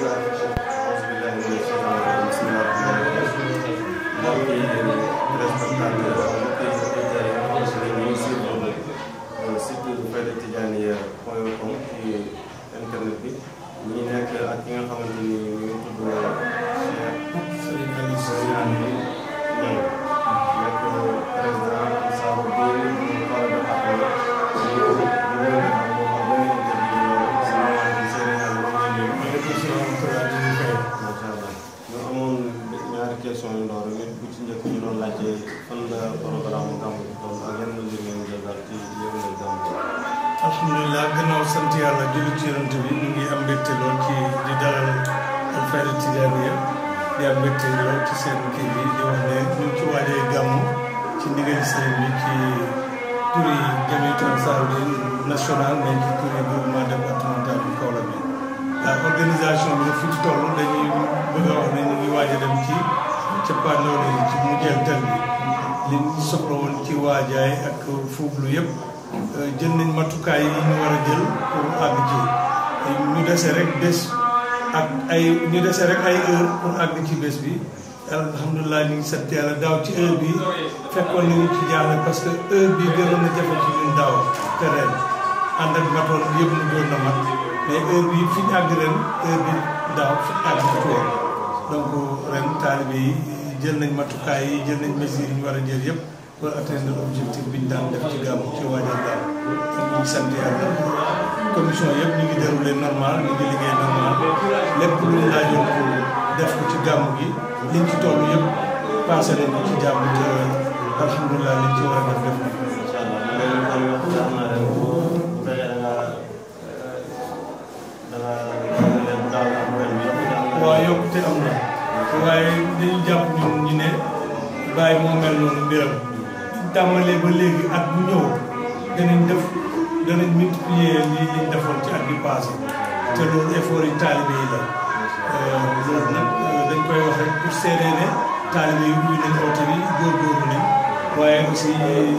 a internet bi ñu nekk ak ñi nga xamante ni laajee fan la programme gàmmu bi toll ak yan mesures ngeen jël daal ci yëngal gàmmu bi. alhamdulilah gannaaw sant yàlla julli ci yonent bi ñu ngi am mbégte lool ci di dalal Alfayda Tijaaniya di am mbégte lool ci seen kii bi di wax ne ñu ngi ci waajee gàmmu ci ndigal sëriñ bi ci turi Jamhiyatul Ansarud-Din national mais ci turi groupement départemental bu Kaolack bi. organisation bi nag fi ci toll dañuy bëgg a wax ne ñu ngi waaj a dem ci. ca yi ci mujjantal bi liñ soxla woon ci waajaay ak fuublu yëpp euh, jël nañ matukaay yi ñu war a jël pour àgg ci ñu dese rek bés ak ay ñu dese rek ay heure pour àgg ci bés bi alhamdulilah ñu ngi sant yàlla daaw ci heure bi fekkoon nañu ci jàll parce que heure bi gënoon na jafe ci ñun daaw te ren ànd ak matoon yëpp mu doon na mat heure bi fi ñu àgg ren heure bi daaw fi àgg ko ren taalibe yi jël nañ matukaay yi jël nañ mesure yi wara jël yépp pour atteindre objectif biñ daan def ci gàmm ci waajal gàmm kon ñu sant yàlla commission yëpp ñu ngi déroulé normal ñu ngi liggéey normal lépp lu ñu laajoon pour def ko ci gàmm gi liñ ci toll yëpp passé leen ko ci jàmm te alhamdulilah liñ ci war a def def nañ waaw yokkute am na waaye dañu jàpp ñun ñu ne bàyyi moo mel noonu mbiram tàmmalee ba léegi at bu ñëw danañ def danañ multiplier lii liñ defoon ci at bi passé te loolu effort yi taalibe yi la euh, loolu nag euh, dañ koy wax rek pour seedee ne taalibe yi buy nañ oote bi góorgóorlu nañ waaye aussi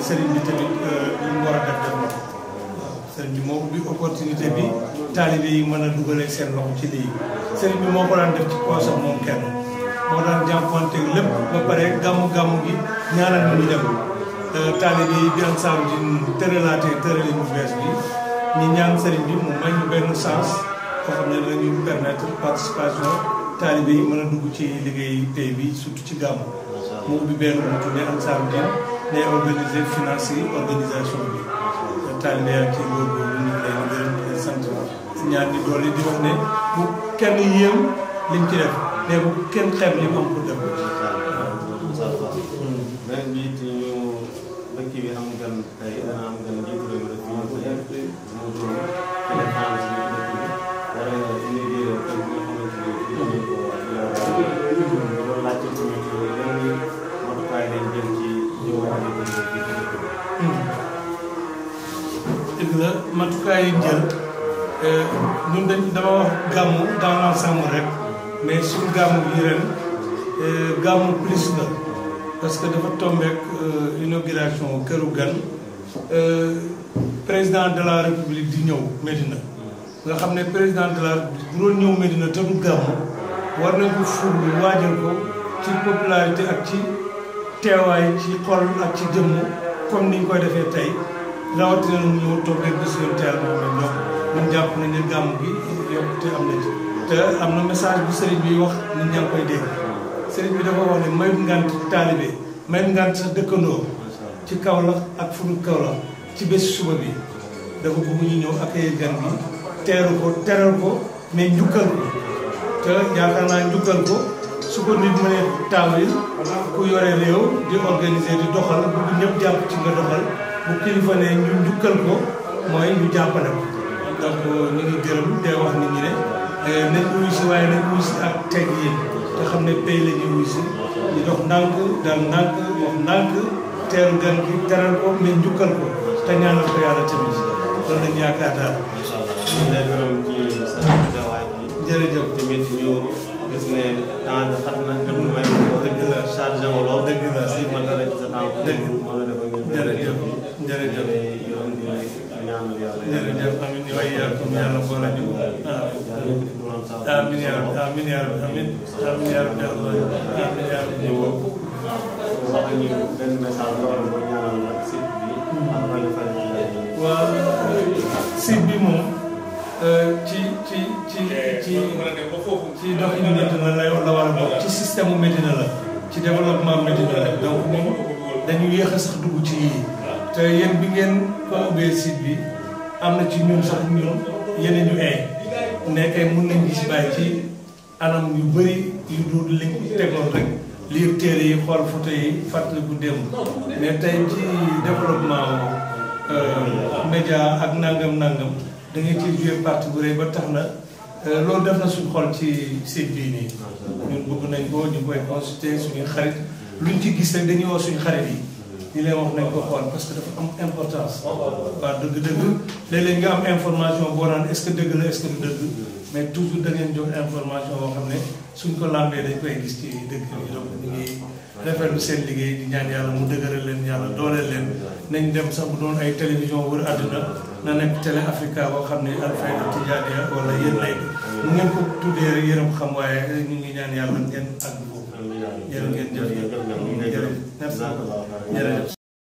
sëriñ bi tamit euh, li mu war a def def na ko sëriñ bi moo ubbi opportunité bi taalibe yi mën a dugalee seen loxo ci lii sëriñ bi moo ko daan def ci poosam moom kenn moo daan jàmpanteeg lépp ba pare gàmmu-gàmmu gi ñaanal ñu dem euh, taalibe yi di Ansaru Din tëralaatee tërali bu bees bi ñu ñaan sëriñ bi mu may ñu benn chance koo xam ne dañuy permettre participation taalibe yi a dugg ci liggéey tey bi surtout ci gàmmu mu ubbi benn bu tuddee Ansaru Din day organiser financer organisation bi taalibe ci góorgóorlu ñu ngi leen di gërëm ñaan di doole di ne bu kenn yéem liñ ci def mais kenn xeeb li mu am pour def ko. waaw ren bii it ñu dëkk bi am gan tey koy la matukaay jël euh, ñun dañ dama wax gàmmu gàmmu ensemble rek. mais suñu gàmmu bi ren euh, gàmmu plus la parce que dafa tombeek euh, inauguration këru gan euh, président de la république di ñëw Médina nga xam ne président de la république bu doon ñëw Médina te du gàmmu war nañ ko ful waajal ko ci popularité ak ci teewaay ci xol ak ci jëmm comme niñ koy defee tey rawatina mu ñëw toog rek bés yoon teel moom la ñoom ñun jàpp nañ ne gàmmu bi yokkute am na ci. te am na message bu sëriñ bi wax nit ñaa koy dégg sëriñ bi dafa wax ne mayut ngant taalibe mayut ngant sa dëkkandoo ci Kaolack ak fu dul Kaolack ci bés suba bi dafa bëgg ñu ñëw accueillir gan bi teeru ko teral ko mais njukkal ko te yaakaar njukkal ko su ko nit mënee taamu ku yore réew di organiser di doxal bu ñëpp jàpp ci nga doxal bu kilifa ne ñu njukkal ko mooy ñu jàppale ko donc ñu gërëm day wax nit ñi ne nañ wuyu si waaye nañ wuyu si ak teg yi te xam ne pay la ñuy wuyu si di dox ndànk dal ndànk wax ndànk teeru gan gi teral ko mais njukkal ko te ñaanal ko yàlla tamit loolu lañ yaakaar daal. incha allah ñu ngi lay gërëm ci sa taxawaay bi. jërëjëf tamit ñu gis ne temps bi xat na dëgg may wax dëgg la chargé nga lool dëgg la si man dara ci sa temps dëgg moo la dafa ngeen jërëjëf jërëjëf yoon di ñaanal yàlla jërëjëf tamit ñu way yàlla comme yàlla boole ñu amiin bi moom euh, ci ci ci ci ci doxalin Médina lay la war a ci système mu la ci développement Médina la donc moom dañu yéex sax dugg ci yii te yéen bi ngeen ko ubbee site bi am na ci ñun sax ñun yeneen ñu ee ne mun nañ gis bàyyi ci anam yu bëri yu dul liñ tegoon rek liir téere yi xool photo yi fàttaliku démb mais tey ci développement euh, média ak nangam nangam da ci jouer partie bu rëy ba tax na euh, loolu def na suñ xool ci site bii nii ñun bëgg nañ boo ñu koy consulter suñuy xarit luñ ci gis rek dañuy woo suñu xarit yi ñu lay wax nañ ko xool parce que dafa am importance. Oh, oh, oh. waaw dëgg-dëgg léeg-léeg nga am information boo naan est-ce que dëgg la est-ce que du dëgg mm-hmm. mais toujours da jox information boo xam ne suñ ko làmbee dañ koy gis ci dëgg bi donc ñu ngi rafetlu seen liggéey di ñaan yàlla mu dëgëral leen yàlla dooleel leen nañ dem sax bu doon ay télévision wër àdduna na nekk Télé Africa boo xam ne Alfayda Tijaaniya wala yéen lay mu ngeen ko tuddee rek yërëm xam ñu ngi ñaan yàlla jërë ngeen jëf jërë ngeen jëf